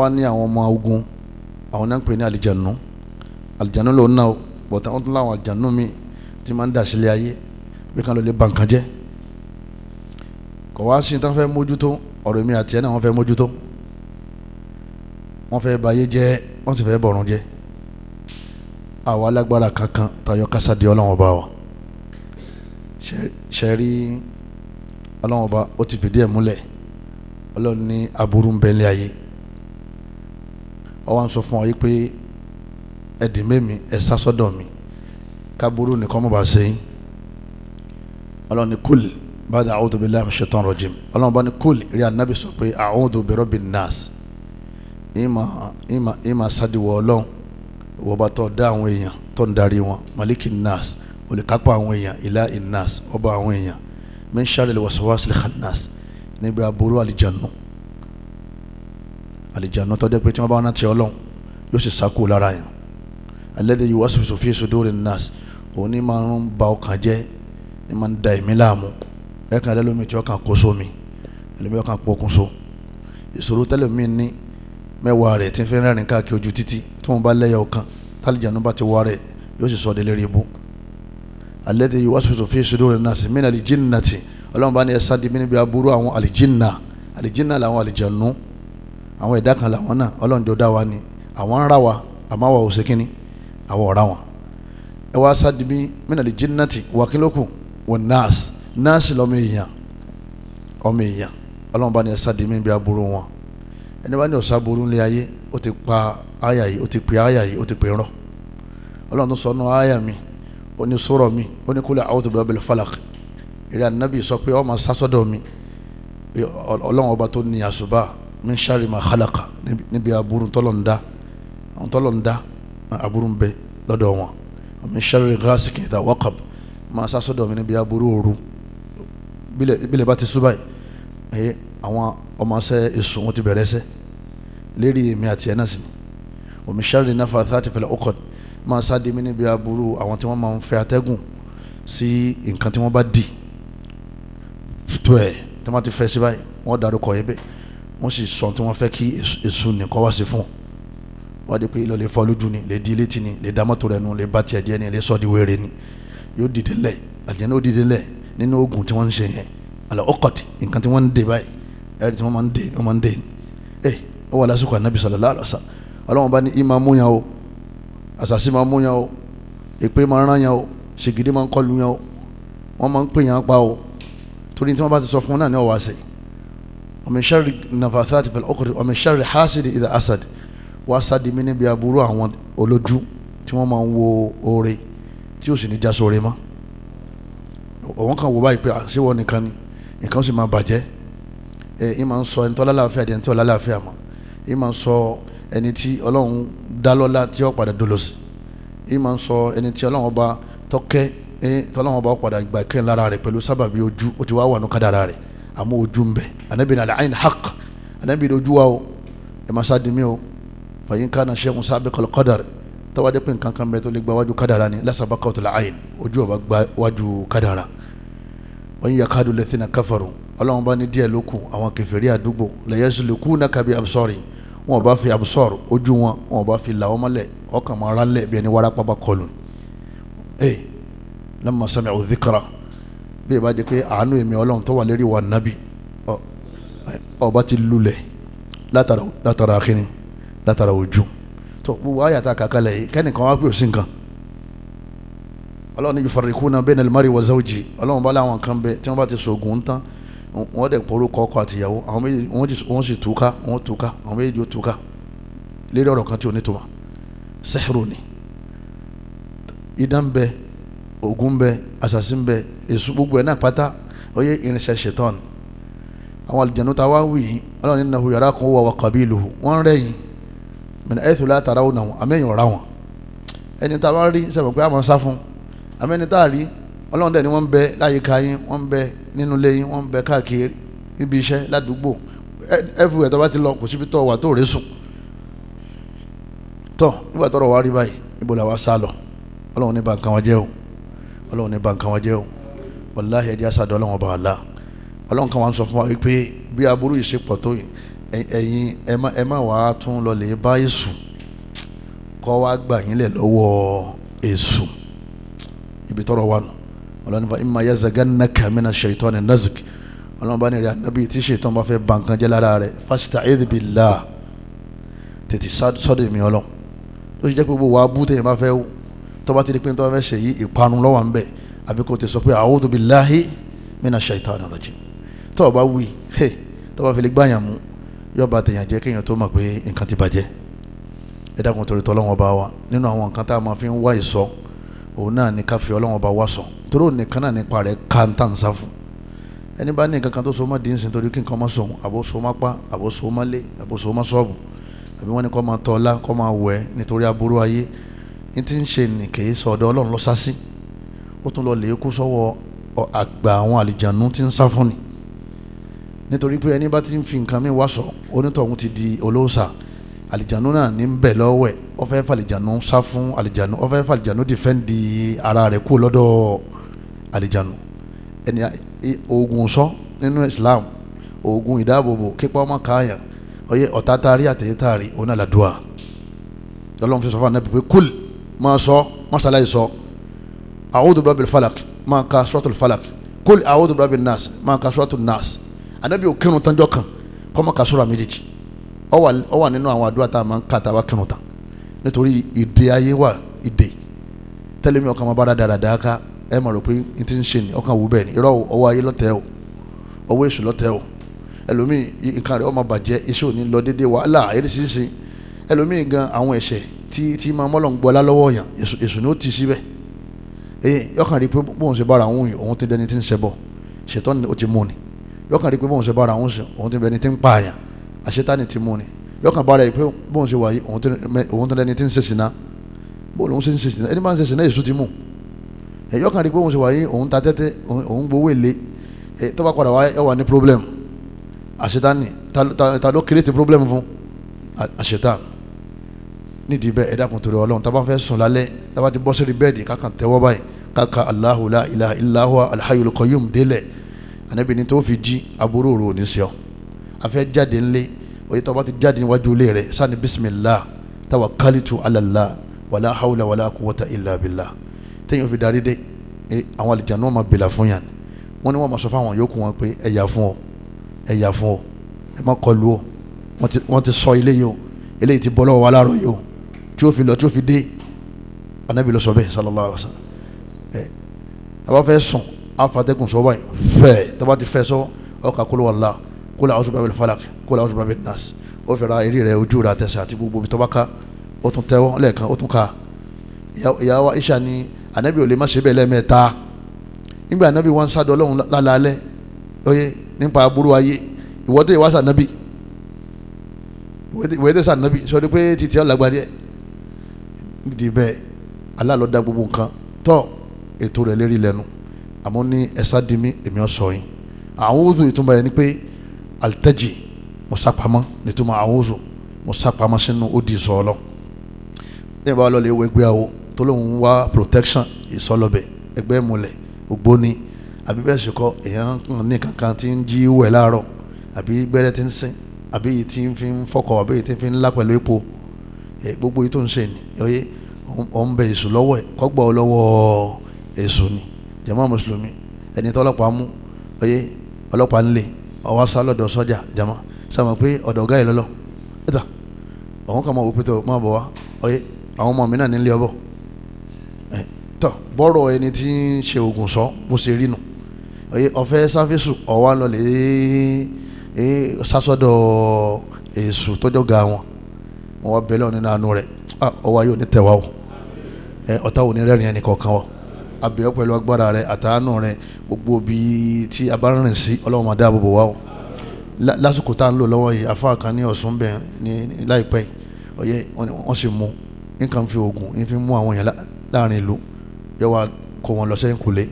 wá ní àwọn ọmọ ogun àwọn náà ń pè ní àlìjànú àlìjànú ló ń ná o bọ̀tà wọn tún láwọn àlìjànú mi ti máa ń dà sílé ayé bí kan ló lè ba nǹkan jẹ́ kò wá sí tán fẹ́ mójútó ọ̀rọ̀ mi àti ẹ̀ náà wọ́n fẹ́ mójútó wọ́n fẹ́ bayé jẹ́ wọ́n sì fẹ́ bọ̀rùn jẹ́ àwa alágbára kankan tayọ kásádìí ọlọ́wọ́n bá wa sẹ́rí ọlọ́wọ́n bá ó ti fìdí ẹ̀ múlẹ̀ ọlọ́run ní aburú ń bẹ́ẹ̀ ayé ọ wá ń sọ fún ọ yìí pé ẹdín mẹ́mi ẹ sá sọ́dọ̀ mi kábúrú nìkan mọ̀ bá sẹ́yìn ọlọ́run ní kúlì bàdà a'udhu billahi minash shaitanir rajim ọlọ́run bá ní kúlì rí anábì sọ pé a'udhu birabbin nas ìmà ìmà ìmà sádìwọ̀ ọlọ́run ìwọ bá tọ́ dá àwọn èèyàn tó ń darí wọn maliki nas olùkápá àwọn èèyàn ilá inas ọba àwọn èèyan min sharril àlìjáná tọ́jú pé tí wọ́n bá wọn ti ọlọ́run yóò sì sá kúrò lára yẹn alladhi yuwaswisu fi sudurin nas òun ní máa ń ba ọkàn jẹ́ ní máa ń da ẹ̀mí láàmú ẹ̀ka ẹlẹ́lómi tí ọkàn kó sómi ẹlẹ́mi ọkàn pokùn so ìṣòro tẹ́lẹ̀mí ní mẹ́wàá rẹ̀ tí ń fẹ́ rẹ́rìn káàkiri ojú títí tí wọ́n bá lẹ́yà ọkàn tálíjànú bá ti wá rẹ̀ yóò sì sọ ọ́ délé rí ibú alladhi yuwaswisu fi sudurin nas min aljinnati ọlọ́run bá ní ẹ sá àwọn ẹ̀dá kan làwọn náà ọlọ́run jọ dá wa ni àwọn ń ra wa àmọ́ àwa ò ṣe kínní àwa ò ra wọn. ẹ wá sádìmí mínàlì jinnati wàkílókù wọ nọ́ọ̀sì nọ́ọ̀sì lọ́mọ èèyàn ọmọ èèyàn ọlọ́run bá ní ẹ sádìmí bí aburú wọn ẹni bá ní ọ̀sá burú ní ayé ó ti pa àyà yìí ó ti pè àyà yìí ó ti pè rọ ọlọ́run tó sọ nù àyà mi ó ní sọ̀rọ̀ mi ó ní kúlẹ̀ àwọn min sari ma halaka níbi aburú tọ́lọ̀ ń da àwọn tọ́lọ̀ ń da aburú bẹ lọ́dọ̀ wọn min sari ghasiki ìdá wakab máa sásọ̀dọ̀ mi níbi aburú òru bílẹ̀ bá ti súbà yìí àwọn ọmọọṣẹ́ èso wọn ti bẹ̀rẹ̀ ẹsẹ̀ lérí èmi àti ẹ̀ náà sì ni omi sari náfa thirty fẹlẹ̀ ọkọ̀d máa sáde mi níbi aburú àwọn tí wọ́n máa ń fẹ́ atẹ́gùn sí nǹkan tí wọ́n bá dì tó ẹ̀ tí wọ́n ti fẹ́ sí báyìí wọ́n darúkọ yẹn bẹ́ẹ̀ wọ́n sì sọ tí wọ́n fẹ́ kí èso nìkan wá sí fún wọ́n di pé lọ́lẹ̀ fọ́ lójú ni lè di létí ni lè dá mọ́tò rẹ̀ nu lè bá tiẹ̀ díẹ̀ ni lè sọ́ di wéré ni yóò dìde lẹ̀ àlìyàn ó dìde lẹ̀ nínú oògùn tí wọ́n ń ṣe yẹn àlọ́ ọkọ̀tì nǹkan tí wọ́n ń dè báyìí ẹ̀rí tí wọ́n máa ń dè wọ́n máa ń dè ni ẹ̀ eh, ó wà lásìkò ànábì sallallahu alaihi wasallam ọlọ́run bá ní ìmọ̀ amúyan o àṣàṣì máa múyan ومن شر النفاثات في العقد ومن شر حاسد إذا حسد وحسد mi níbi aburú àwọn olójú tí wọ́n máa ń wo oore tí ó sì ní já sóore mọ́ òun kan wo báyìí pé àṣewọ́ nìkan ni nǹkan sì máa bàjẹ́ ẹ ẹ máa ń sọ ẹni tó lálàáfíà di ẹni tó lálàáfíà mọ́ ẹ máa ń sọ ẹni tí ọlọ́run dá lọ́lá tí ó padà dolóṣì ẹ máa ń sọ ẹni tí ọlọ́run ọba tọ́kẹ́ ẹ tọ́lọ́run ọba ó padà gbà kẹ́hìn lára rẹ̀ pẹ̀lú sábàbí ojú ó ti wá wà nù kádàrá rẹ̀ àmọ́ ojú ń bẹ anabi nàlẹ́ ayin haq anabi ní ojú wa o ẹ̀ máa sáà dimi o fàyín kánà sẹ́kùn sábẹ́ kọ́lọ́ kọ́dàrẹ́ tọ́wádé pé nǹkan kan bẹ tó lè gba wájú kádàrà ni lásàbà kọ́ọ̀tù làáyìn ojú ọba gba wájú kádàrà wọ́n yíya káàdù lẹ́sìn káfàrù ọlọ́run bá ní díẹ̀ lókun àwọn kẹfẹ́rí àdúgbò lẹ́yẹsùn lè kú náà kábí absọ́rì wọn bá fi absọ́rù ojú wọn wọn bá fi làwọn mọ́lẹ̀ ọkàn máa rálẹ̀ bí ẹni wárápá bá kọlù ẹ̀ eh, lamma sami'u dhikra bí ìbá jẹ́ pé àánú èmi ọlọ́run tó wà lérí wa nábì ọba ti lulẹ̀ látara akínní látara ojú tó gbogbo àyàtà kàkálẹ̀ yìí kẹ́nìkan wá pé ò sí nǹkan ọlọ́run yufarriquna bainal mari wa zawji ọlọ́run bá láwọn kan bẹ tí wọ́n bá ti sògùn tán wọ́n dẹ̀ porúkọ ọkọ àtìyàwó àwọn méjì wọ́n sì túká wọ́n túká àwọn méjì ó túká lérí ọ̀rọ̀ kan tí ò ní tó ma sẹ́hìrò ni idán bẹ́ẹ̀ ogun bẹ asasi bẹ èso gbogbo ẹ̀ náà pátá ó yẹ irinṣẹ́ ṣetán àwọn àlùjànnú tá a wá wì yìí ọlọ́run nínú yàrá kan wà wà qabiluhu wọ́n rẹ̀ yìí mìíràn ẹ̀ẹ́dùn látara òun àwọn àmẹ́yìn ọ̀rá wọn ẹni tá a bá rí pé a máa sá fún àmẹ́ni tá a ọlọ́run dẹ̀ ni wọ́n ń bẹ láyìíká yín wọ́n ń bẹ nínú ilé yín wọ́n bẹ káàkiri níbi iṣẹ́ ládùúgbò everywhere tó bá ti lọ kò síbi tó wà tó rè sùn tọ́ nígbà tọ́rọ̀ wá rí báyìí ibo làwa sá lọ ọlọ́run ní bá wọn jẹ́ o ọlọ́run ní bá nǹkan wá jẹ́ o wàláhì ẹ̀dí àṣàdọ̀ ọlọ́run ọba àlá ọlọ́run kan wá ń sọ fún wa pé bí aburú yìí ṣe pọ̀ tó ẹ̀yin ẹ má wàá tún lọ lè bá èṣù kọ́ wá gbà yín lẹ̀ lọ́wọ́ èṣù ibi tọrọ wa nù ọlọ́run fa imma yazagannaka mina shaitani nazg ọlọ́run bá ní rẹ̀ ànábì tí ṣètọ́n bá fẹ́ ba jẹ́ lára rẹ̀ fasta'idh billah tètè sọ́dọ̀ mi ọlọ́run ó ṣe jẹ́ pé gbogbo wa bú tẹ̀yìn bá fẹ́ wù tó bá ti di pé tó bá fẹ́ ṣe yí ìparun ló wà ń àbí kò ti sọ pé a'udhu billahi minash shaitani rajim tó bá wí he tó bá fi lè gbàyàn mú yóò bá tèèyàn jẹ́ kéèyàn tó mọ̀ pé nǹkan ti bàjẹ́ ẹ dákun torí tọ́lọ́wọ́n bá wa nínú àwọn nǹkan tá a máa fi ń wá ìsọ òun náà ní ká fi ọlọ́wọ́n bá wá sọ torí òun nìkan náà nípa rẹ̀ ká ń tà ń ẹni bá ní nǹkan tó so má dín sí torí kí nǹkan má sọ àbó so má pa àbó so má lé àbó so má sọ́ọ̀bù àbí wọ́n ní kó máa tọ́lá kó máa wẹ̀ nítorí aburú ayé ní ti ń ṣe ní kì í sọ ọ̀dọ̀ ọlọ́run lọ sá sí ó tún lọ lè kó sọ́wọ́ àgbà àwọn àlìjànú tí ń sá fún ni nítorí pé ẹni bá ti ń fi nǹkan mi wá sọ onítọ̀hún ti di olóòṣà àlìjànú náà ní ń bẹ̀ lọ́wọ́ ẹ̀ ó fẹ́ fàlìjànú sá fún àlìjànú ó fẹ́ fàlìjànú dìfẹ́ǹdì ara rẹ̀ kú lọ́dọ̀ àlìjànú ẹni oògùn sọ nínú Islam oògùn ìdáàbòbò kípa ọmọ káàyàn ọyẹ ọ̀tá taari àtẹ̀yẹ taari onáladùá lọ́lọ́run fi sọ fún anabi pé kúlì máa sọ masalai sọ a'udhu birabbil falak máa ka suratul falak kul a'udhu birabbin nas máa ka suratul nas anabi ò kírun tán jọ kan kọ́ máa ka sura méjèèjì ọ wà nínú àwọn àdúrà tá a máa ń kà tá a bá kírun tán nítorí ìdè ayé wà ìdè tẹ́lẹ̀mí ọkàn máa bá dáadáa dáa ká ẹ máa rò pé n ti ń ṣe ni ọkàn wù bẹ́ẹ̀ ni irọ́ ọwọ́ ayé lọ́tẹ̀ o ọwọ́ èṣù lọ́tẹ̀ o ẹlòmíì nǹkan rẹ̀ ó máa bàjẹ́ iṣẹ́ òní lọ déédéé wàhálà ayé sísìn ẹlòmíì gan àwọn ẹ̀ṣẹ̀ tí tí máa mọ́ lọ́n gbọ́lá lọ́wọ́ yàn èṣù ni ó ti síbẹ̀ ẹ̀yìn yọkàn rí i pé bóun ṣe bára òun òun ti dẹni tí ń ṣẹbọ ṣètọ́ ni ó ti mú ni yọkàn rí i pé bóun ṣe bára òun ṣe òun ti dẹni tí ń pààyàn àṣetánì ti mú ni yọkàn bára yìí pé bóun ṣe wà yìí òun ti dẹni tí ń ṣe sìnà bóun lòun ṣe ń ṣe sìnà ẹni máa ń ṣe sìnà èṣù ti mú yọkàn rí i pé bóun ṣe wà yìí òun ta tẹ́tẹ́ òun gbowó èlé tó bá padà wá ẹ wà ní problem àṣetánì ta ló kéré ti problem fún àṣetánì nídìí bẹ́ẹ̀ ẹ̀dá kùntòrò ọlọ́run tábà fẹ́ sùn lálẹ́ tábà ti bọ́ sórí bẹ́ẹ̀dì kákan tẹ́wọ́ báyìí káka Allahu la ilaha illa huwa alhayyul qayyum délẹ̀ ànábì ni tó fi jí aburú òru òní sọ afẹ́ jáde ńlẹ̀ òye tábà ti jáde níwájú ilé rẹ̀ sani bismillah tawakkalitu ala Allah wàlá hawla wàlá quwwata illa billah téèyàn fi darí dé e, àwọn àlìjáná máa bèlà fún yàn wọ́n ní wọ́n máa sọ fáwọn yòókù wọn pé ẹ̀yà fún ọ ẹ̀yà fún ọ ẹ má kọlu ọ wọ́n ti sọ ilé yìí o eléyìí ti bọ́ lọ́wọ́ wa láàárọ̀ yìí o tí ó fi lọ tí ó fi dé anabi ló sọ bẹ́ẹ̀ sallallahu alaihi wa sallam ẹ àbá fẹ́ sùn afatẹ́kùn sọ báyìí fẹ́ tọ́ba ti fẹ́ sọ ọkà kóló wàlá kóló àwọn sùpàbí falak kóló àwọn sùpàbí nas ó fẹ́ ra eré rẹ ojú rẹ àtẹsẹ̀ àti gbogbo ibi tọ́ba ká ó tún tẹ́wọ́ lẹ́ẹ̀kan ó tún ká ìyá wa Aisha ni anabi ò lè má ṣe bẹ́ẹ̀ lẹ́ẹ̀mẹ́ta nígbà anabi wọn sá dọ́ lálẹ́ oye nípa aburú ayé ìwọ́tẹ̀ ìwásà anabi ìwọ́tẹ̀ ìwọ́tẹ̀ sà anabi sọ nídìí bẹ́ẹ̀ Allah ló dá gbogbo nǹkan tọ́ ètò rẹ̀ lérí lẹ́nu àmọ́ ní ẹ̀sà dimi èmi ọ̀sọ̀ yìí a'udhu ìtumọ̀ yẹn ni pé alitaji mo nítumọ̀ a'udhu mo sápamọ́ sínú ó di ìsọ̀ ọlọ́ ní ìbáwá lọ́lẹ̀ ẹgbẹ́ àwo tó lóun wá protection ìsọlọ́bẹ̀ ẹgbẹ́ ìmùlẹ̀ ògbóni àbí bẹ́ẹ̀ sì kọ́ èèyàn ní kankan tí ń jí wẹ̀ láàárọ̀ àbí gbẹ́rẹ́ tí ń sìn àbí yìí tí ń fi ń fọkọ̀ àbí yìí tí ń fi ń lá pẹ̀lú epo gbogbo yìí tó ń ṣe ni oyè òun bẹ èṣù lọ́wọ́ ẹ̀ kọ́gbọ́ lọ́wọ́ èṣù ni jama mùsùlùmí ẹni tó ọlọ́pàá mú oyè ọlọ́pàá ńlẹ̀ ọwọ́ sá lọ́dọ̀ sọ́jà jama sàmọ̀ pé ọ̀dọ̀ ọ̀gá yìí lọ́lọ́ ẹ̀dà òun kà máa wò pété máa bọ̀ wá oyè àwọn ọmọ mi náà nílé ọbọ̀ tọ́ bọ́rọ̀ ẹni tí ń ṣe oògùn sọ bó ṣe rí nù oyè ọ̀fẹ́ sáfẹ́sù ọ̀wá lọ́lẹ̀ sásọ́dọ̀ èṣù tọ́jọ́ ga wọn mo wá bẹ̀lẹ̀ nínú àánú rẹ̀ ah, ọwọ́ ayé òní tẹ̀wá o eh, ọ̀tá òní rẹ́rìn ẹnì kọ̀ọ̀kan o abẹ́ pẹ̀lú agbára rẹ̀ àtàánú rẹ̀ gbogbo bí tí a bá rìn sí ọlọ́run máa dáàbò bò wá o lásìkò tá à ń lò lọ́wọ́ yìí afá kan ní ọ̀sùn bẹ̀ ní láìpẹ́ ọ̀yẹ́ wọ́n sì mú nǹkan fi oògùn ń fi mú àwọn èèyàn láàrin ìlú yẹ wá kó wọn lọ sẹ́yìn kùlé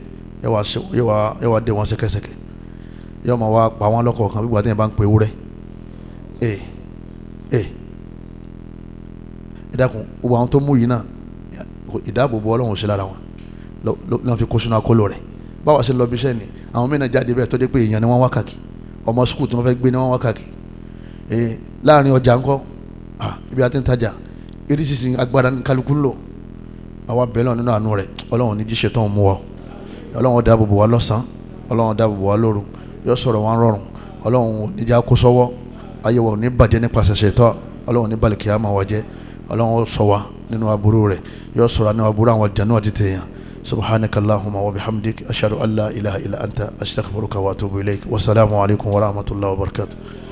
yẹ wá dé wọn ṣẹ̀kẹ̀ṣẹ̀kẹ̀ yẹ wọ́n máa pa wọn lọ́kọ̀ọ̀kan bí gbàdéyìn bá ń pe ewúrẹ́ ee eh, ee. Eh ìdákun gbogbo àwọn tó mú yìí náà ìdáàbòbò ọlọ́run sí lára wọn lọ́n fi kó sínú akóló rẹ̀ báwa ṣe lọ bí iṣẹ́ ni àwọn mìíràn jáde bẹ́ẹ̀ tó dé pé èèyàn ni wọ́n wá kàkì ọmọ sukùl tí wọ́n fẹ́ gbé ni wọ́n wá kàkì láàrin ọjà ńkọ́ ibi àti ntajà irisisi agbára kálukú lò àwa bẹ́ẹ̀ lọ nínú àánú rẹ̀ ọlọ́run ní jíṣe tán mú wa ọlọ́run dáàbòbò wa lọ́sàn ọlọ́run dáàbòbò wa lóru ọlọ́run sọ wa nínú aburú rẹ̀ yóò sọ̀rọ̀ nínú aburú àwọn jàǹdùkú àti tèèyàn subhanaka allahumma wa bihamdik ashhadu an la ilaha illa anta astaghfiruka wa atubu ilayk wasalaamu alaykum wa rahmatullahi wa barakatuh.